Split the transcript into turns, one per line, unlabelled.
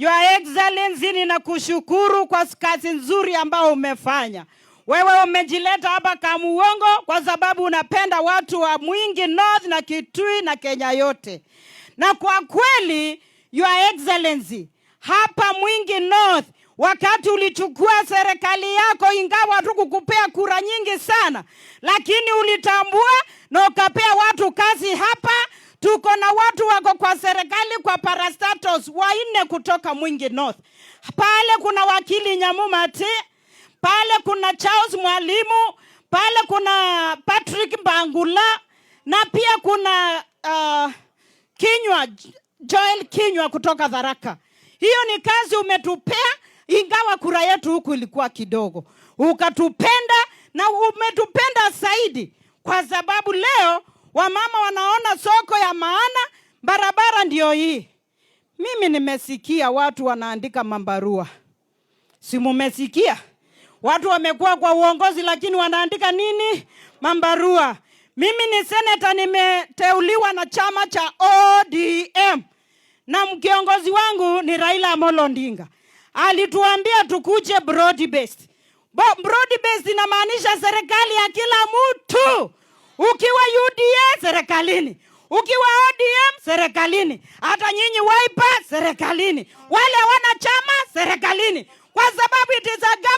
Your Excellency, ninakushukuru kwa kazi nzuri ambao umefanya. Wewe umejileta hapa Kamuongo kwa sababu unapenda watu wa Mwingi North na Kitui na Kenya yote, na kwa kweli Your Excellency, hapa Mwingi North wakati ulichukua serikali yako, ingawa hatukukupea kura nyingi sana, lakini ulitambua na ukapea wako kwa serikali kwa parastatos waine kutoka Mwingi North. Pale kuna wakili Nyamumati, pale kuna Charles Mwalimu, pale kuna Patrick Bangula na pia kuna uh, Kinywa Joel Kinywa kutoka Tharaka. Hiyo ni kazi umetupea, ingawa kura yetu huku ilikuwa kidogo, ukatupenda na umetupenda zaidi, kwa sababu leo wamama wanaona soko ya maana Barabara ndio hii. Mimi nimesikia watu wanaandika mambarua, si mumesikia? Watu wamekuwa kwa uongozi, lakini wanaandika nini? Mambarua. Mimi ni seneta, nimeteuliwa na chama cha ODM na mkiongozi wangu ni Raila Amolo Odinga. Alituambia tukuje broad based. Broad based inamaanisha serikali ya kila mtu, ukiwa UDA serikalini ukiwa ODM serikalini, hata nyinyi Wiper serikalini, wale wana chama serikalini, kwa sababu it is a